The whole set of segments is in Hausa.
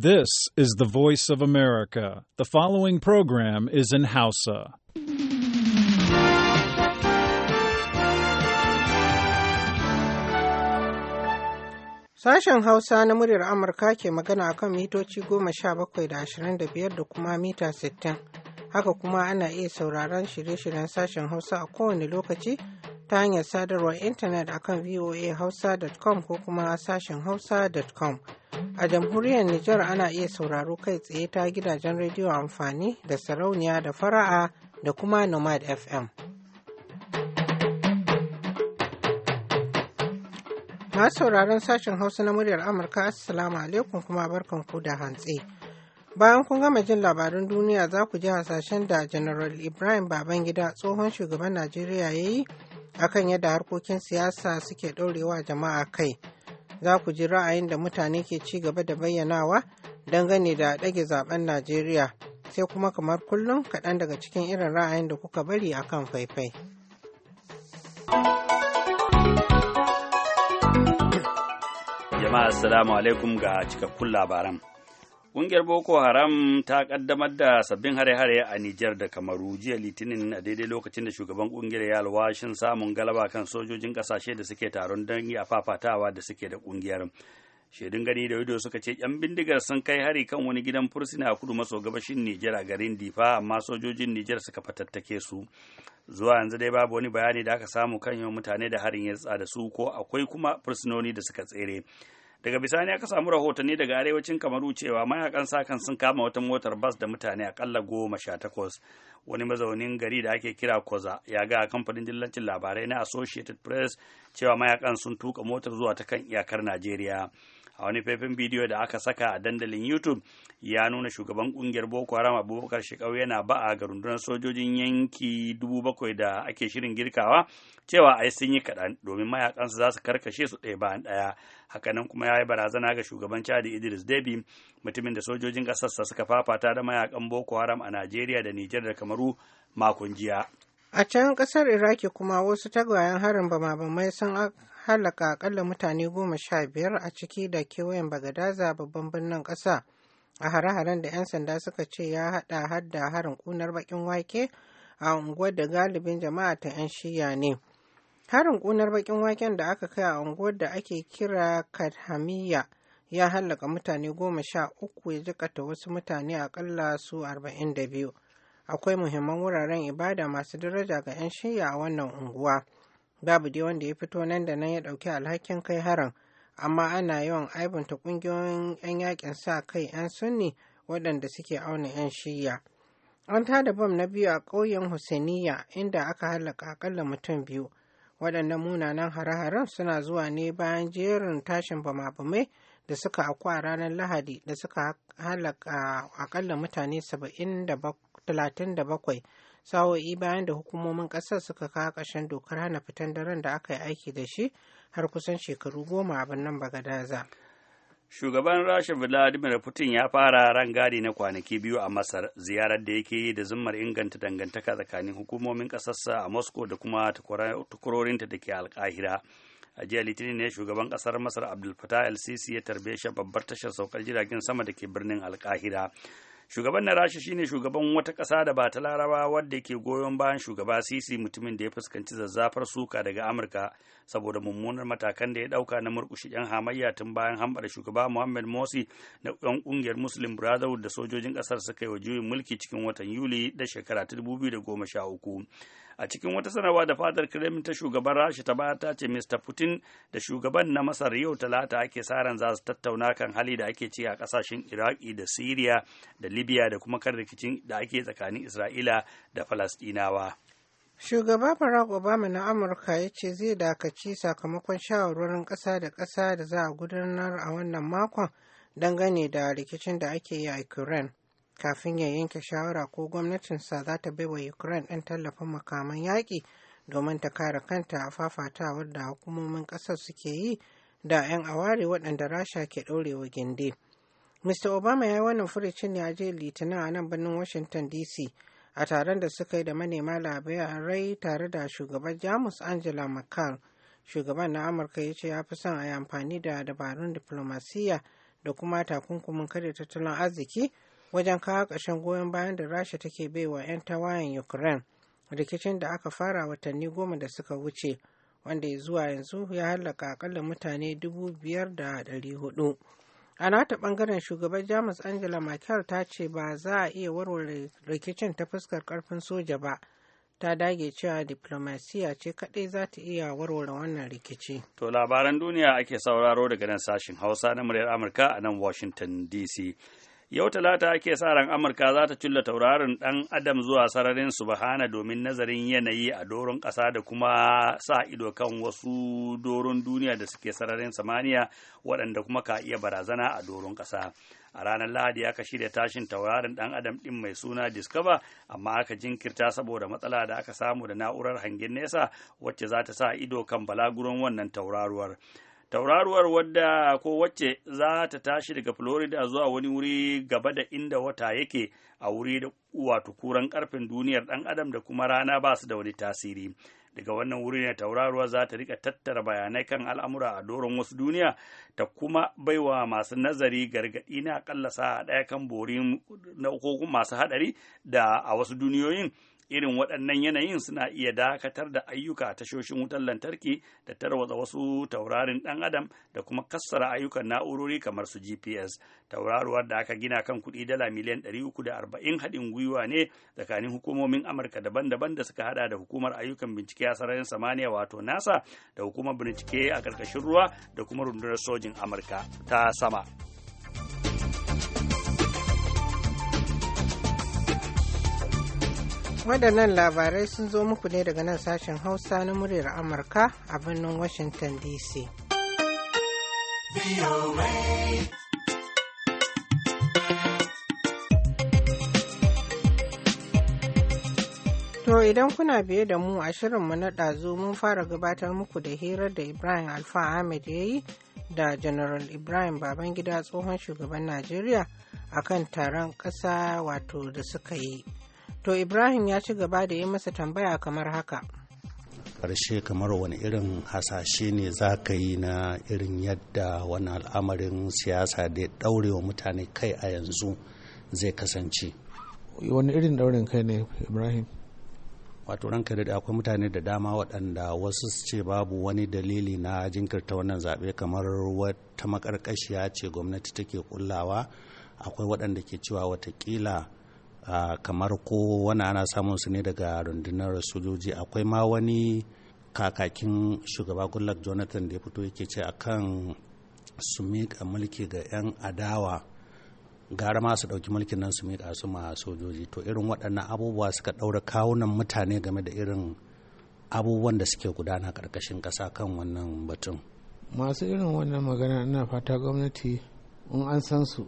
This is the voice of America. The following program is in Hausa. Sashen Hausa na muryar Amurka ke magana akan mitoci goma sha bakwai da ashirin da biyar da kuma mita sittin. Haka kuma ana iya sauraron shirye-shiryen sashen Hausa a kowane lokaci ta hanyar sadarwar intanet akan voahausa.com ko kuma sashen hausa.com. A jamhuriyar Nijar ana iya sauraro kai tsaye ta gidajen rediyo amfani da sarauniya da fara'a da kuma Nomad FM. Masu sauraron sashen Hausa na muryar Amurka, Assalamu alaikum kuma barkan ku da hantsi. Bayan kun gama jin labarin duniya za ku ji hasashen da General Ibrahim Babangida tsohon shugaban Najeriya ya yi akan yadda harkokin siyasa suke ɗorewa jama'a kai za ku ji ra'ayin da mutane ke ci gaba da bayyanawa dangane da ɗage zaben najeriya sai kuma kamar kullum kaɗan daga cikin irin ra'ayin da kuka bari akan faifai jama'a assalamu alaikum ga cikakkun labaran Ƙungiyar Boko Haram ta ƙaddamar da sabbin hare-hare a Nijar da Kamaru jiya Litinin a daidai lokacin da shugaban ƙungiyar ya alwashin samun galaba kan sojojin ƙasashe da suke taron dangi a fafatawa da suke da ƙungiyar. Shaidun gani da ido suka ce ‘yan bindigar sun kai hari kan wani gidan fursuna a kudu maso gabashin Nijar a garin Difa amma sojojin Nijar suka fatattake su. Zuwa yanzu dai babu wani bayani da aka samu kan yawan mutane da harin ya tsada su ko akwai kuma fursunoni da suka tsere. daga bisani aka samu rahotanni daga arewacin kamaru cewa mayakan sakan sun kama wata motar bas da mutane akalla goma sha takwas wani mazaunin gari da ake kira koza ya ga kamfanin dillancin labarai na associated press cewa mayakan sun tuka motar zuwa ta kan iyakar najeriya a wani faifin bidiyo da aka saka a dandalin youtube ya nuna shugaban kungiyar boko haram abubakar shekau yana ba'a ga rundunar sojojin yanki dubu da ake shirin girkawa cewa ai sun yi kaɗan domin mayakansu za su karkashe su ɗaya bayan ɗaya hakanan kuma ya yi barazana ga shugaban chadi idris debi mutumin da sojojin ƙasarsa suka fafata da mayakan boko haram a najeriya da niger da kamaru makon jiya a can kasar iraki kuma wasu tagwayen harin bama-bamai sun halaka akalla mutane goma sha biyar a ciki da kewayen bagadaza babban birnin ƙasa a hare-haren da 'yan sanda suka ce ya haɗa hada harin kunar bakin wake a unguwar da galibin jama'a ta 'yan shiya ne. Harin ƙunar bakin waken da aka kai a unguwar da ake kira Kadhamiya ya hallaka mutane goma sha uku ya jikata wasu mutane akalla su arba'in da biyu. Akwai muhimman wuraren ibada masu daraja ga 'yan shiya a wannan unguwa. babu dai wanda ya fito nan da nan ya ɗauki alhakin kai haran amma ana yawan aibunta ƙungiyoyin 'yan yakin sa kai 'yan sunni waɗanda suke auna 'yan shiya an tada bam na biyu a ƙauyen hussainiya inda aka halaka akalla mutum biyu waɗannan munanan hare-haren suna zuwa ne bayan jerin tashin bama-bamai da suka akwa a ranar lahadi da suka halaka akalla mutane 37 sa'o'i bayan da hukumomin ƙasar suka kawo ƙarshen dokar hana fitan daren da aka yi aiki da shi har kusan shekaru goma a birnin bagadaza shugaban rasha vladimir putin ya fara gadi na kwanaki biyu a masar ziyarar da yake yi da zummar inganta dangantaka tsakanin hukumomin ƙasarsa a moscow da kuma tukurorinta da ke alkahira a jiya litinin ne shugaban kasar masar abdul fatah el sisi ya tarbe shi babbar tashar saukar jiragen sama da ke birnin alkahira shugaban na rasha shine shugaban wata ƙasa da ba ta laraba wadda ke goyon bayan shugaba sisi mutumin da ya fuskanci zazzafar suka daga amurka saboda mummunar matakan da ya ɗauka na murkushe 'yan hamayya tun bayan hambar shugaba muhammad morsi na 'yan ƙungiyar muslim brotherhood da sojojin ƙasar suka yi wa juyin mulki cikin watan yuli da shekara ta 2013 a cikin wata sanarwa da fadar kremlin ta shugaban rasha ta baya ta ce mr putin da shugaban na masar yau talata ake sa ran za su tattauna kan hali da ake ci a kasashen iraki da syria da libya da kuma kan rikicin da ake tsakanin isra'ila da falastinawa shugaba barack obama na amurka ya ce zai dakaci sakamakon shawarwarin kasa da kasa da za a gudanar a wannan makon dangane da rikicin da ake yi a ukraine kafin ya yanke shawara ko gwamnatinsa za ta bai wa ukraine ɗin tallafin makaman yaƙi domin ta kare kanta a fafatawar da hukumomin ƙasar suke yi da 'yan aware waɗanda rasha ke ɗorewa gindi mr obama ya yi wannan furicin ne a jiya litinin a nan birnin washington dc a taron da suka yi da manema labarai tare da shugaban jamus angela merkel shugaban na amurka ya ce ya fi son a yi amfani da dabarun diflomasiyya da kuma takunkumin karya tattalin arziki wajen kawo ƙarshen goyon bayan da rasha take baiwa 'yan tawayen ukraine rikicin da aka fara watanni goma da suka wuce wanda ya zuwa yanzu ya hallaka akalla mutane 5,400 a nata bangaren shugaban jamus angela merkel ta ce ba za a iya warware rikicin ta fuskar karfin soja ba ta dage cewa diplomasiya ce kadai za ta iya warware wannan rikici to labaran duniya ake sauraro daga nan sashen hausa na muryar amurka a nan washington dc Yau Talata ake sa ran Amurka za ta cilla tauraron ɗan Adam zuwa sararin Subhana domin nazarin yanayi a doron ƙasa da kuma sa ido kan wasu doron duniya da suke sararin samaniya waɗanda kuma ka iya barazana a doron ƙasa. A ranar Lahadi aka shirya tashin taurarin ɗan Adam ɗin mai suna Discover, amma aka jinkirta saboda matsala da aka samu da na'urar hangen nesa wacce za ta sa ido kan balaguron wannan tauraruwar. tauraruwar wadda ko wacce za ta tashi daga florida zuwa wani wuri gaba da inda wata yake a wuri da wato kuran karfin duniyar dan adam da kuma rana ba su da wani tasiri daga wannan wuri ne tauraruwa za ta rika tattara bayanai kan al'amura a doron wasu duniya ta kuma baiwa masu nazari gargaɗi na akalla sa'a ɗaya kan borin na masu haɗari da a wasu duniyoyin irin waɗannan yanayin suna iya dakatar da ayyuka tashoshin wutar lantarki da tarwatsa wasu taurarin ɗan adam da kuma kassara ayyukan na'urori kamar su gps tauraruwar da aka gina kan kuɗi dala miliyan 340 haɗin gwiwa ne tsakanin hukumomin amurka daban-daban da suka hada da hukumar ayyukan bincike a sararin samaniya wato nasa da hukumar bincike a ƙarƙashin ruwa da kuma rundunar sojin amurka ta sama. waɗannan labarai sun zo muku ne daga nan sashen hausa na muryar amurka a birnin washington dc To idan kuna biye da mu a shirinmu na ɗazu mun fara gabatar muku da hirar da Ibrahim Alfa Ahmed ya yi da General Ibrahim Babangida tsohon shugaban Najeriya a kan taron ƙasa wato da suka yi. To Ibrahim ya ci gaba da yi masa tambaya kamar haka. Karshe kamar wani irin hasashe ne za ka yi na irin yadda wani al'amarin siyasa da ya ɗaure wa mutane kai a yanzu zai kasance. Wani irin ɗaurin kai ne Ibrahim? wato ranka da akwai mutane da dama waɗanda wasu su ce babu wani dalili na jinkirta wannan zaɓe kamar wata makarƙashiya ce gwamnati take kullawa akwai waɗanda ke cewa watakila a kamar ko wani ana samun su ne daga rundunar sojoji akwai ma wani kakakin shugaba goodluck jonathan da ya fito yake ce akan su miƙa mulki ga 'yan adawa gara ma su ɗauki mulkin nan su miƙa su ma sojoji to irin waɗannan abubuwa suka ɗaura kawunan mutane game da irin abubuwan da suke gudana ƙarƙashin ƙasa kan wannan batun masu irin wannan magana ina fata gwamnati in an san su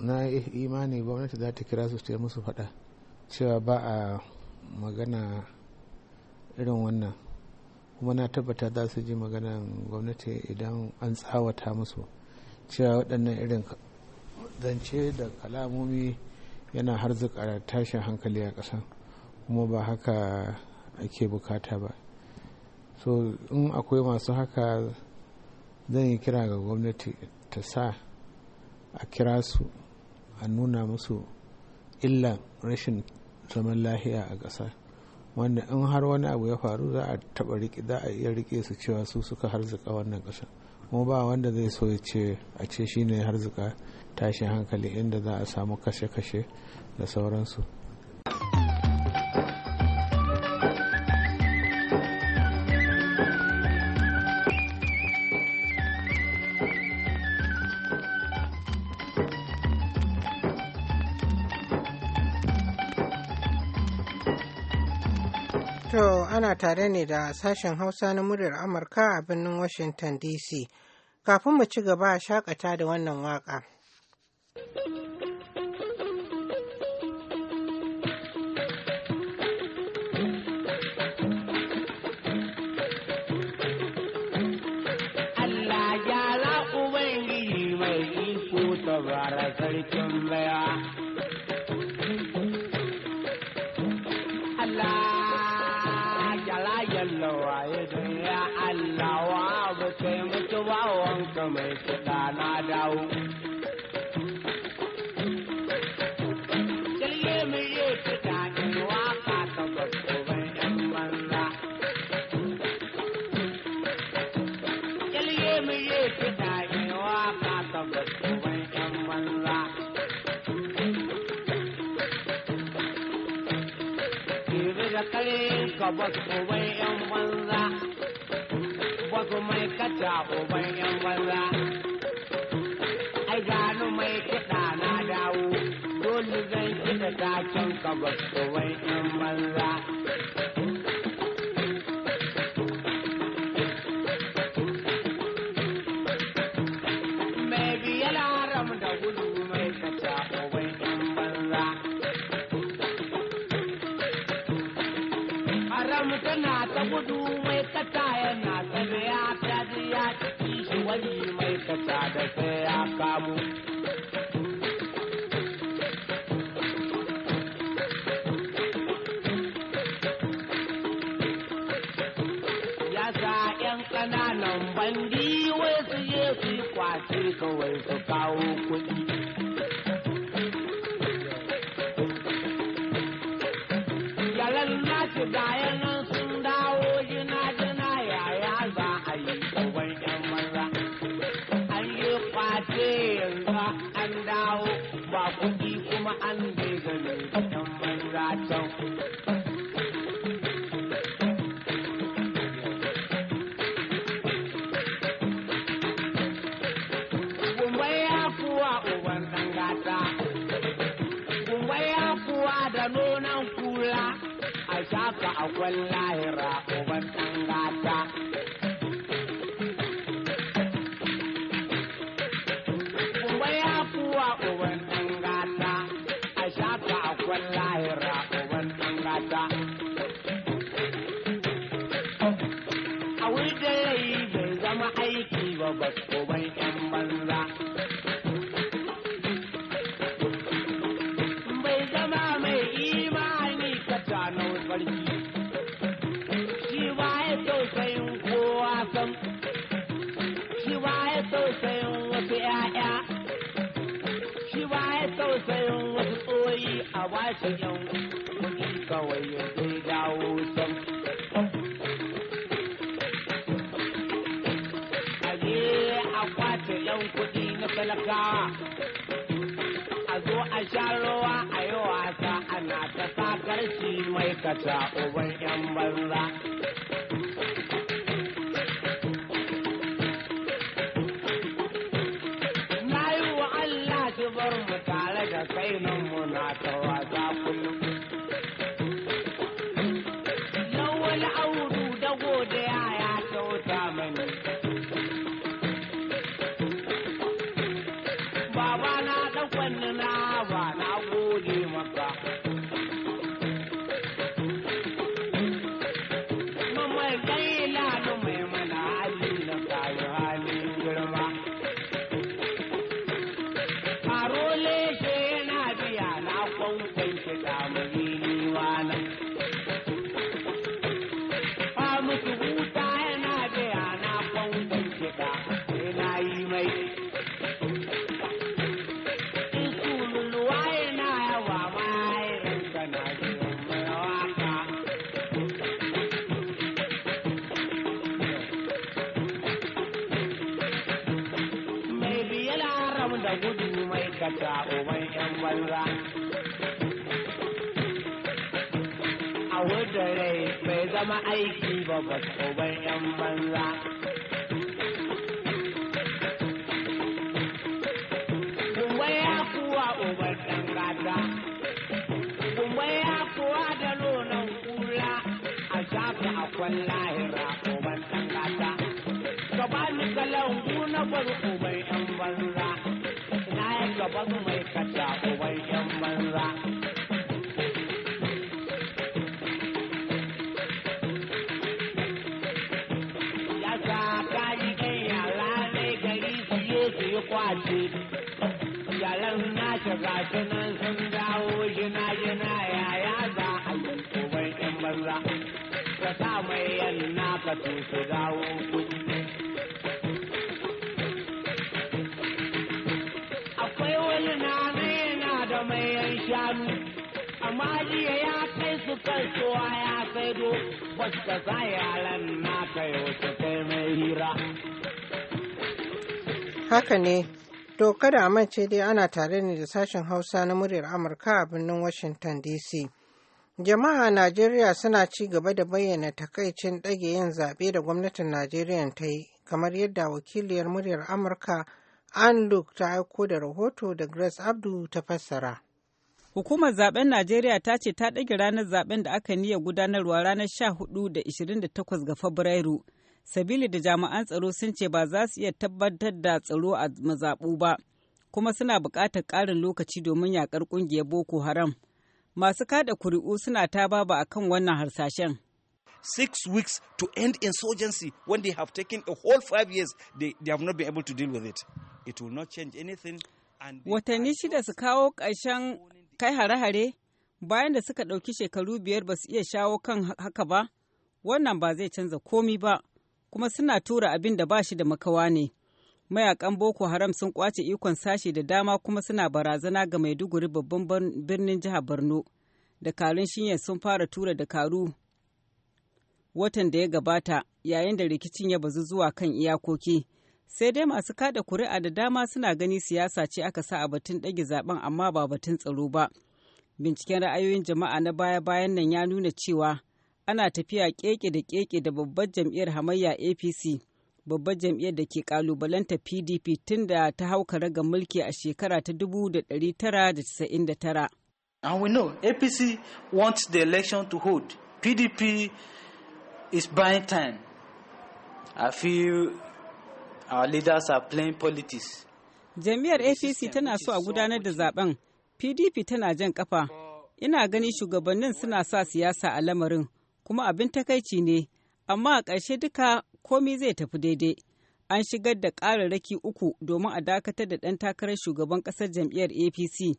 na imani gwamnati za ta kira su ta musu faɗa cewa ba a magana irin wannan kuma na tabbata za su ji maganan gwamnati idan an tsawata musu cewa waɗannan irin zance da kalamomi yana har harzuka tashin hankali a ƙasa kuma ba haka ake bukata ba so in akwai masu haka zan yi kira ga gwamnati ta sa a kira su a nuna musu illan rashin zaman lahiya a ƙasa wanda in har wani abu ya faru za a taɓa riƙe za a iya riƙe su cewa su suka harzuka wannan ƙasa kuma ba wanda zai so ya ce a ce shine harzuka tashin hankali inda za a samu kashe-kashe da sauransu To ana tare ne da sashen Hausa na muryar Amurka a birnin Washington DC. Kafin mu ci gaba a shakata da wannan waka. Allah ya yi mai iko ta sarkin baya. kale ka ba su uban yan banza ba mai kata uban yan banza ai gano mai kiɗa na dawo dole zan kiɗa taken ka ba su uban yan banza da sai ya kamu ya sa yan ƙananan bandi wai su je su yi kwace kawai su kawo kuɗi Akwai lahira uban tangata. Uba ya kuwa uban tangata, a shaka akwai lahira uban tangata. A wujen bai zama aiki ba ba uban 'yan banza. ba yau kuɗi kawai zai dawo can. Aje a kwace yan kuɗi na talakawa, a zo a sha rawa a yi wasa ana ta sa shi mai kata uban 'yan banza. all right. wuce rai bai zama aiki ba ba tsoban yan banza. ya kuwa uban ɗan gata, ya kuwa da nonon kula a shafi a kwallahira uban ɗan gata. Gaba ni kalangu na bar uban yan banza, na yi gaban mai kata uban yan banza. sunan sun dawo jina jina ya za a yi kuban yan banza ka sa mai yanna ka to dawo akwai wani na yana da mai yan shanu amma jiya ya kai su kasuwa ya sai do wasu ka sa yaran na kai wasu kai mai hira haka ne To kada a mance dai ana tare ne da sashen Hausa na muryar Amurka a birnin Washington DC. Jama'a Najeriya suna ci gaba da bayyana takaicin ɗage yin zaɓe da gwamnatin Najeriya ta yi, kamar yadda wakiliyar muryar Amurka An Luke ta aiko da rahoto da Grace Abdu ta fassara. Hukumar zaben Najeriya ta ce ta ɗage ranar zaben da aka niya gudanarwa ranar 14 da 28 ga Fabrairu. sabili da jami'an tsaro sun ce ba za su iya tabbatar da tsaro a mazaɓu ba kuma suna buƙatar ƙarin lokaci domin yaƙar ƙungiyar boko haram masu kada kuri'u suna ta ba a kan wannan harsashen six weeks to end insurgency when they have taken a whole five years they, they have not been able to deal with it it will not change anything watanni shida su kawo ƙarshen kai hare-hare bayan da suka ɗauki shekaru biyar ba su iya shawo kan haka ba wannan ba zai canza komi ba kuma suna tura abin da ba shi da makawa ne. Mayakan Boko Haram sun kwace ikon sashi da dama kuma suna barazana ga Maiduguri babban birnin jihar Borno. Dakarun shinyar sun fara tura dakaru watan da ya gabata yayin da rikicin ya bazu zuwa kan iyakoki. Sai dai masu kada kuri'a da dama suna gani siyasa ce aka sa a batun ɗage zaben amma ba batun tsaro ba. Binciken ra'ayoyin jama'a na baya-bayan nan ya nuna cewa ana tafiya keke da keke da babbar jam'iyyar hamayya apc babbar jam'iyyar da ke kalubalanta pdp tun da ta hau ga mulki a shekara ta 1999 and we know apc wants the election to hold pdp is buying time i feel our leaders are playing politics jam'iyyar apc tana so a gudanar da zaben pdp tana jan kafa ina gani shugabannin suna sa siyasa a lamarin kuma abin takaici ne amma a ƙarshe duka komi zai tafi daidai an shigar da ƙararraki uku domin a dakatar da ɗan takarar shugaban ƙasar jam'iyyar apc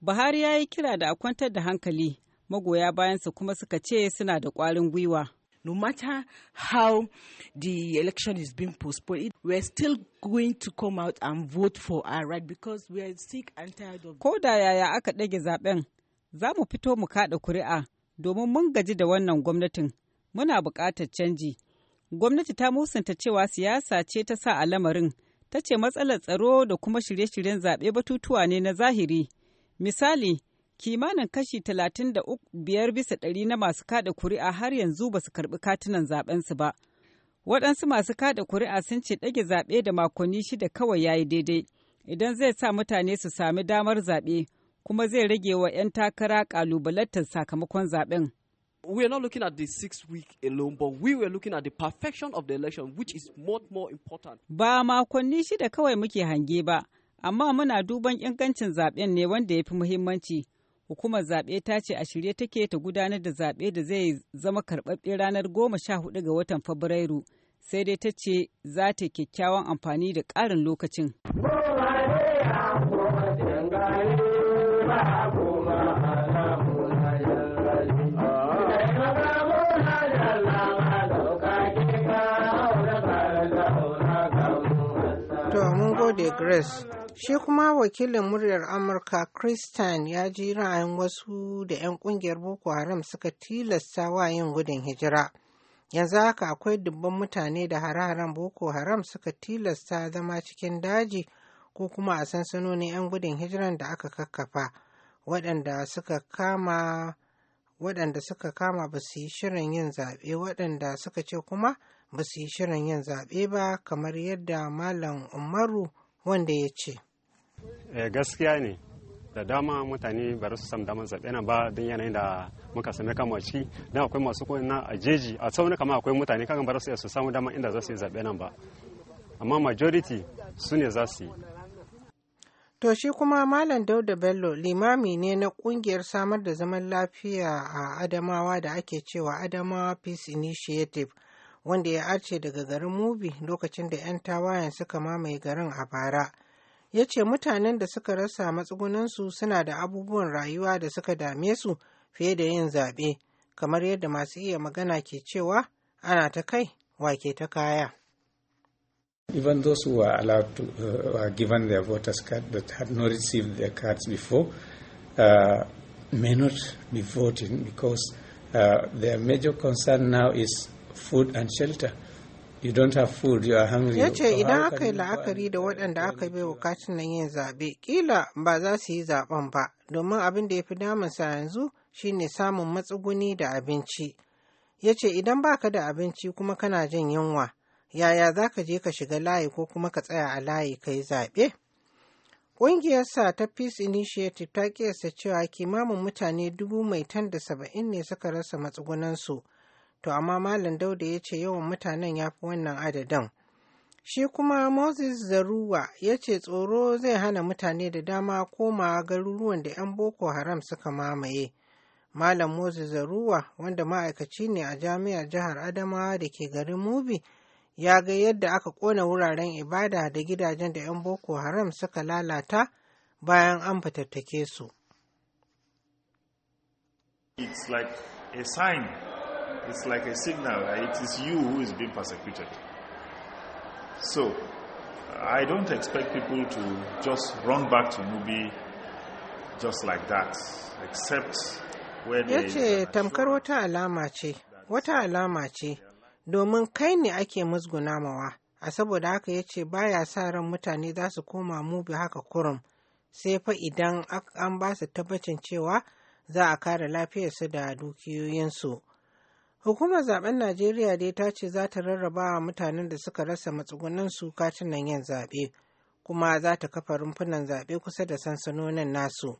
buhari ya yi kira da a kwantar da hankali magoya bayansa kuma suka ce suna da ƙwarin gwiwa no matter how the election is being postponed, we are still going to come out and vote for our right because we are sick and tired of. Ko da yaya aka ɗage zaben, za mu fito mu kaɗa kuri'a domin mun gaji da wannan gwamnatin muna buƙatar canji gwamnati ta musanta cewa siyasa ce ta sa a lamarin ta ce matsalar tsaro da kuma shirye-shiryen zaɓe batutuwa ne na zahiri misali kimanin kashi talatin da biyar bisa ɗari na masu kaɗa kuri'a har yanzu ba su karɓi katunan zaɓensu ba waɗansu masu kaɗa kuri'a sun ce ɗage zaɓe da makonni shida kawai ya yi daidai idan zai sa mutane su sami damar zaɓe kuma zai rage wa 'yan takara kalubalantar sakamakon zaben. we are not looking at the six week alone, but we were looking at the perfection of the election, which is much more important. Ba makonni shida kawai muke hange ba, amma muna duban ingancin zaben ne wanda ya fi muhimmanci. Hukumar zaɓe ta ce a shirye take ta gudanar da zaɓe da zai zama karɓaɓɓe ranar goma sha hudu ga watan Fabrairu, sai dai ta ce za ta kyakkyawan amfani da ƙarin lokacin. gode Grace. Shi kuma wakilin muryar Amurka Christian ya ji ra'ayin wasu da 'yan kungiyar Boko Haram suka tilasta wa yin gudun hijira. Yanzu haka akwai dubban mutane da hare-haren Boko Haram suka tilasta zama cikin daji ko kuma a sansanonin 'yan gudun hijiran da aka kakkafa waɗanda suka kama waɗanda suka kama ba su yi shirin yin zaɓe waɗanda suka ce kuma ba su yi shirin yin zaɓe ba kamar yadda Malam Umaru wanda ya ce eh, gaskiya ne da dama mutane ba su samu damar zaɓe na ba don yanayin da muka same kama ciki don akwai masu na a jeji a tsaunin kama akwai mutane kan bar su su samu damar inda za su yi zaɓe nan ba amma majority su ne za su yi to shi kuma malam dauda bello limami ne na kungiyar samar da zaman lafiya a adamawa da ake cewa adamawa peace initiative wanda ya arce daga garin mubi lokacin da 'yan tawayen suka mamaye garin a bara ya ce mutanen da suka rasa matsugunansu suna da abubuwan rayuwa da suka dame su fiye da yin zaɓe kamar yadda masu iya magana ke cewa ana ta kai wake ta kaya Even those who were allowed to uh, were given their voters card that had not received their cards before uh, may not be voting because uh, their major concern now is food and shelter you don't have food you are hungry ya ce idan aka yi la'akari da waɗanda aka bai bukatun nan yin zaɓe ƙila ba za su yi zaɓen ba domin abin da ya fi sa yanzu shine samun matsuguni da abinci ya ce idan baka da abinci kuma kana jin yunwa yaya za ka je ka shiga layi ko kuma ka tsaya a layi ka yi zaɓe sa ta peace initiative ta ƙiyasta cewa kimamin mutane dubu mai tan da saba'in ne suka rasa matsugunansu to amma Malam Dauda ya ce yawan mutanen ya fi wannan adadin. Shi kuma Moses Zaruwa ya ce tsoro zai hana mutane da dama koma garuruwan da 'yan Boko Haram suka mamaye. Malam Moses Zaruwa wanda ma'aikaci ne a jami'ar jihar Adamawa da ke garin Mubi ya ga yadda aka kona wuraren ibada da gidajen da 'yan Boko Haram suka lalata bayan an fitattake su. It's like it's like a signal. It is you who is being persecuted. So, I don't expect people to just run back to Mubi just like that, except where they. Ya tamkar wata alama ce, wata alama ce, domin kai ne ake musgunamawa, a saboda haka ya ce baya sa ran mutane za su koma Mubi haka kurum, sai fa idan an ba su tabbacin cewa za a kare lafiyarsu da dukiyoyinsu. Hukumar zaben Najeriya dai ta ce za ta rarraba mutanen da suka rasa matsugunan su nan yin zaɓe, kuma za ta kafa rumfunan zaɓe kusa da sansanonin nasu.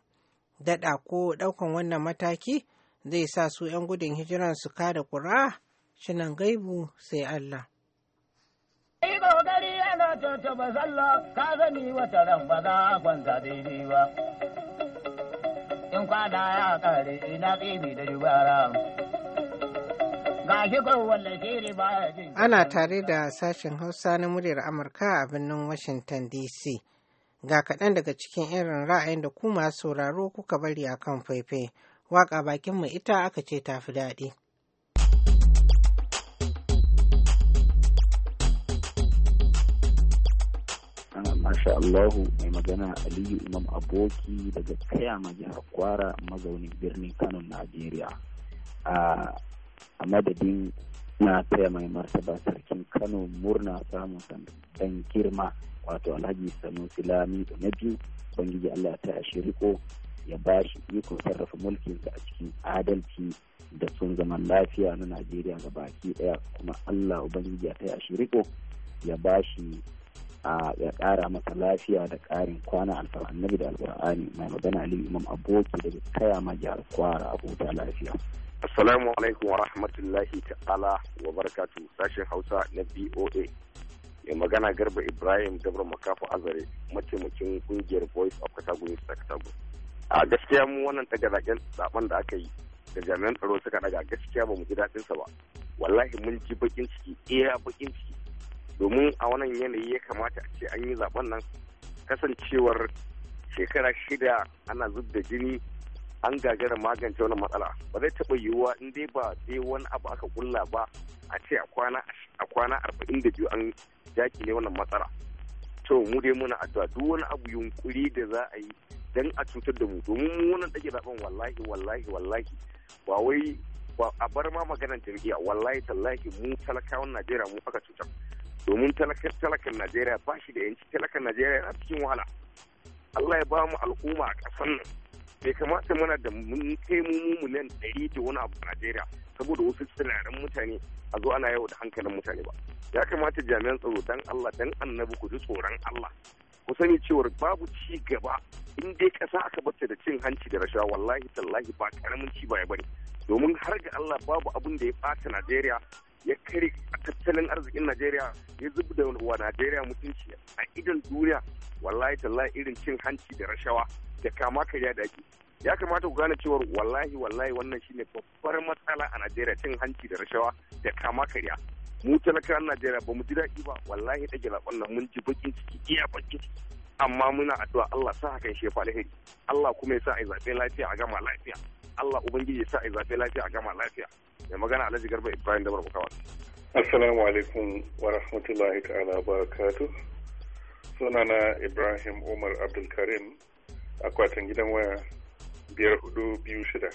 Daɗa ko ɗaukan wannan mataki zai sa su 'yan gudun hijiran su kada ƙura, shinan gaibu sai Allah. ƙoƙari In ya ƙare ina da dubara. Ana tare da sashen Hausa na muryar Amurka a birnin Washington DC. Ga kaɗan daga cikin irin ra'ayin da ku masu sauraro kuka bari a kan faifai. Waƙa bakin mu ita aka ce ta fi daɗi. Ah, masha Allahu mai magana Aliyu Imam Aboki daga Kayama jihar Kwara mazaunin birnin Kano, Najeriya. Ah, a madadin na taya mai martaba sarkin kano murna samun dan girma wato alhaji sanusi lami da na biyu ubangiji allah ta a shiriko ya ba shi ikon sarrafa mulkinsa a cikin adalci da sun zaman lafiya na najeriya ga baki daya kuma allah ubangiji ya ta shi shiriko ya ba shi ya ƙara masa lafiya da ƙarin kwana alfar annabi da alkur'ani mai magana aliyu imam aboki da ta kaya ma jihar kwara a lafiya. Assalamu alaikum wa rahmatullahi ta'ala wa barakatu sashen Hausa na BOA. Mai magana Garba Ibrahim Dabra Makafu Azare mataimakin kungiyar Voice of Katagun ta Katagun. A gaskiya mu wannan tagazagen zaben da aka yi da jami'an tsaro suka daga gaskiya ba mu ji daɗin sa ba. Wallahi mun ji bakin ciki iya bakin ciki. Domin a wannan yanayi ya kamata a ce an yi zaben nan kasancewar shekara shida ana zub da jini an gagara magance wani matsala ba zai taɓa yiwuwa in dai ba dai wani abu aka kulla ba a ce a kwana arba'in da biyu an jaki ne wannan matsala to mu dai muna addu'a duk wani abu yunkuri da za a yi dan a cutar da mu domin mu wannan dake zaben wallahi wallahi wallahi ba wai ba a bar ma maganar jirgiya wallahi tallahi mu talakawan Najeriya mu aka cutar domin talakan Najeriya ba shi da yanci talakan Najeriya na cikin wahala Allah ya ba mu al'umma a ƙasar nan bai kamata mana da mun kai mu ɗari da wani abu a Najeriya saboda wasu tsirarin mutane a zo ana yau da hankalin mutane ba ya kamata jami'an tsaro dan Allah dan annabi ku ji tsoron Allah ku sani cewar babu ci gaba in dai kasa aka bata da cin hanci da rashawa wallahi tallahi ba karamin ci baya bane domin har ga Allah babu abin da ya bata Najeriya ya kare tattalin arzikin Najeriya ya zub da wa Najeriya mutunci a idon duniya wallahi tallahi irin cin hanci da rashawa da kama karya da ake ya kamata ku gane cewar wallahi wallahi wannan shine babbar matsala a najeriya cin hanci da rashawa da kama karya mu talakawan najeriya ba mu ji daɗi ba wallahi ɗage zaɓen nan mun ji bakin ciki iya bakin ciki amma muna addu'a Allah sa hakan shi ya alheri Allah kuma ya sa a zaɓe lafiya a gama lafiya Allah ubangiji ya sa a zaɓe lafiya a gama lafiya mai magana Alhaji Garba Ibrahim da Barbukawa Assalamu alaikum wa rahmatullahi ta'ala barakatuh sunana Ibrahim Umar Abdul Karim akwatin gidan waya biyar hudu biyu shida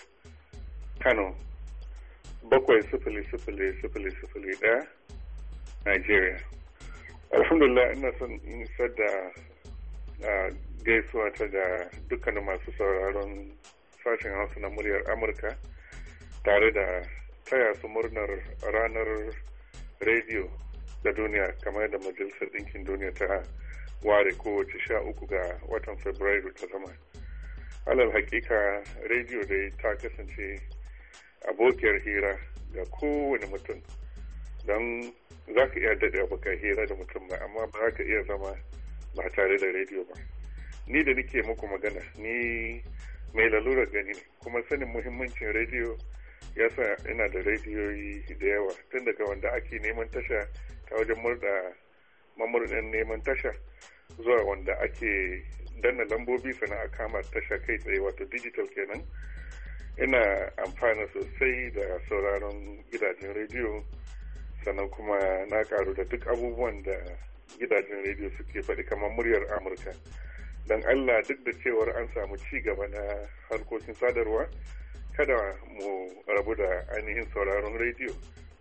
kano bakwai sifili sifili sifili sifili ɗaya nigeria alhamdulillah ina son in da gaisuwa ta ga dukkanin masu sauraron sashen hausa na muryar amurka tare da taya su murnar ranar rediyo da duniya kamar da majalisar ɗinkin duniya ta ware kowace sha uku ga watan fabrairu ta zama alal hakika rediyo dai ta kasance abokiyar hira ga kowane mutum don za ka iya daɗe abokan hira da mutum ba amma ba za ka iya zama ba tare da rediyo ba ni da nake muku magana ni mai lalurar gani ne kuma sanin muhimmancin rediyo ya sa ina da rediyoyi da yawa tun daga wanda ake neman tasha ta wajen murda mamurɗin neman tasha zuwa wanda ake danna lambobi sana a kama tasha kai tsaye wato digital kenan ina amfana sosai da sauraron gidajen rediyo sannan kuma na karu da duk abubuwan da gidajen rediyo suke faɗi kamar muryar amurka don allah duk da cewar an samu ci gaba na harkokin sadarwa kada mu rabu da ainihin sauraron rediyo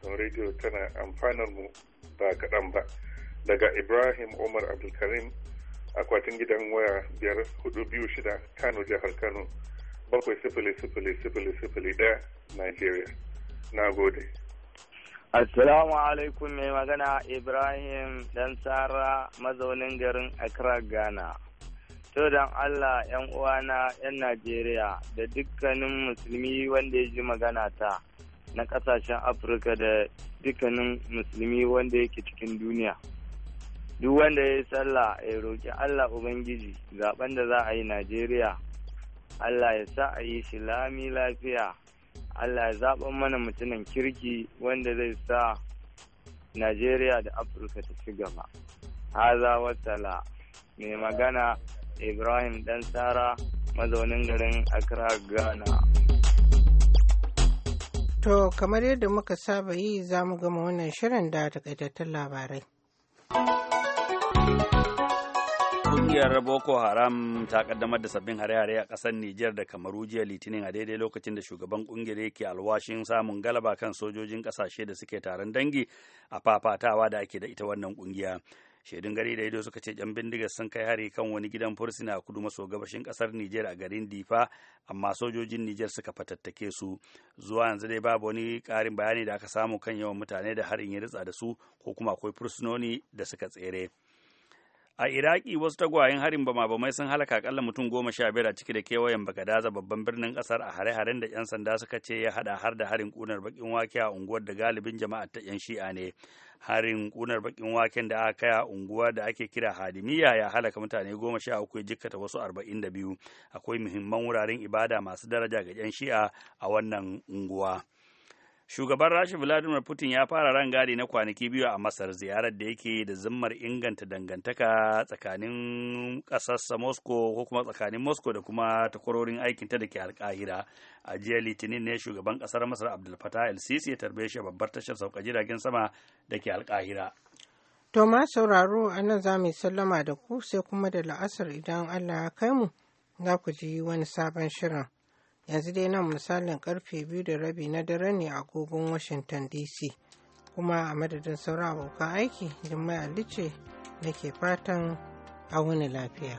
don rediyo tana amfanar mu ba kaɗan ba daga ibrahim umar abdulkarim akwatin gidan waya biyar hudu biyu shida kano jihar kano bakwai sifili sifili sifili sifili daya nigeria na gode assalamu alaikum mai magana ibrahim dan tsara mazaunin garin accra ghana to dan allah yan uwana yan najeriya da dukkanin musulmi wanda ya ji magana ta na kasashen afirka da dukkanin musulmi wanda yake cikin duniya duk wanda ya yi sallah ya roƙi Allah Ubangiji zaben da za a yi Najeriya Allah ya sa a yi shi lami lafiya Allah ya zaɓan mana mutumin kirki wanda zai sa Najeriya da Afirka ta ci gaba. Haza wasala mai magana Ibrahim Dan Sara mazaunin garin Accra Ghana. To kamar yadda muka saba yi za mu gama wannan shirin da takaitattun labarai. kungiyar Boko Haram ta kaddamar da sabbin hare-hare a ƙasar Nijar da Kamaru jiya Litinin a daidai lokacin da shugaban kungiyar yake alwashin samun galaba kan sojojin ƙasashe da suke taron dangi a fafatawa da ake da ita wannan ƙungiya. Shaidun gari da ido suka ce ‘yan bindigar sun kai hari kan wani gidan fursuna a kudu maso gabashin ƙasar Nijar a garin Difa, amma sojojin Nijar suka fatattake su. Zuwa yanzu dai babu wani ƙarin bayani da aka samu kan yawan mutane da harin ya ritsa da su ko kuma akwai fursunoni da suka tsere. a iraki wasu tagwayen harin bama-bamai sun halaka akalla mutum goma sha biyar a ciki da kewayen bagadaza babban birnin kasar a hare-haren da 'yan sanda suka ce ya hada har da harin kunar bakin wake a unguwar da galibin jama'ar ta 'yan shi'a ne harin kunar bakin waken da aka kai a unguwa da ake kira hadimiya ya halaka mutane goma sha uku ya jikkata wasu arba'in da biyu akwai muhimman wuraren ibada masu daraja ga 'yan shi'a a wannan unguwa. shugaban rasha vladimir putin ya fara rangadi na kwanaki biyu a masar ziyarar da yake da zimmar inganta dangantaka tsakanin ƙasarsa moscow ko kuma tsakanin moscow da kuma takwarorin aikinta da ke alkahira a jiya litinin ne shugaban ƙasar masar abdul fatah el sisi ya tarbe shi babbar tashar sauka jiragen sama da ke alkahira to ma sauraro a nan za mu sallama da ku sai kuma da la'asar idan allah ya kai mu za ku ji wani sabon shirin yanzu dai nan misalin karfe biyu da rabi na dare ne a agogon washington dc kuma a madadin sauran abokan aiki jimai alice nake fatan a wani lafiya.